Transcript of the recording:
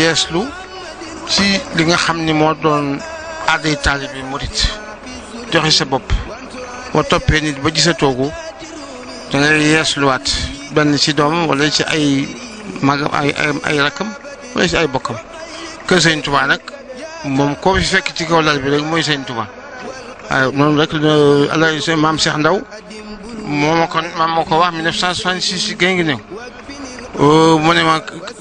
yeeslu ci li nga xam ni moo doon aaday taalib bi murit joxe sa bopp boo toppee nit ba gisa toogu da ngay yeesluwaat benn ci doomam wala ci ay magam ay ay rakkam wala ci ay bokkam kër Sëñ Tuubaa nag moom koo fi fekk ci kaw lal bi rek mooy Sëñ Tuubaa waaw noonu rek alay maam Cheikh Ndaw moo ma ko maam ma ko wax 1966 géngi néew mu ne ma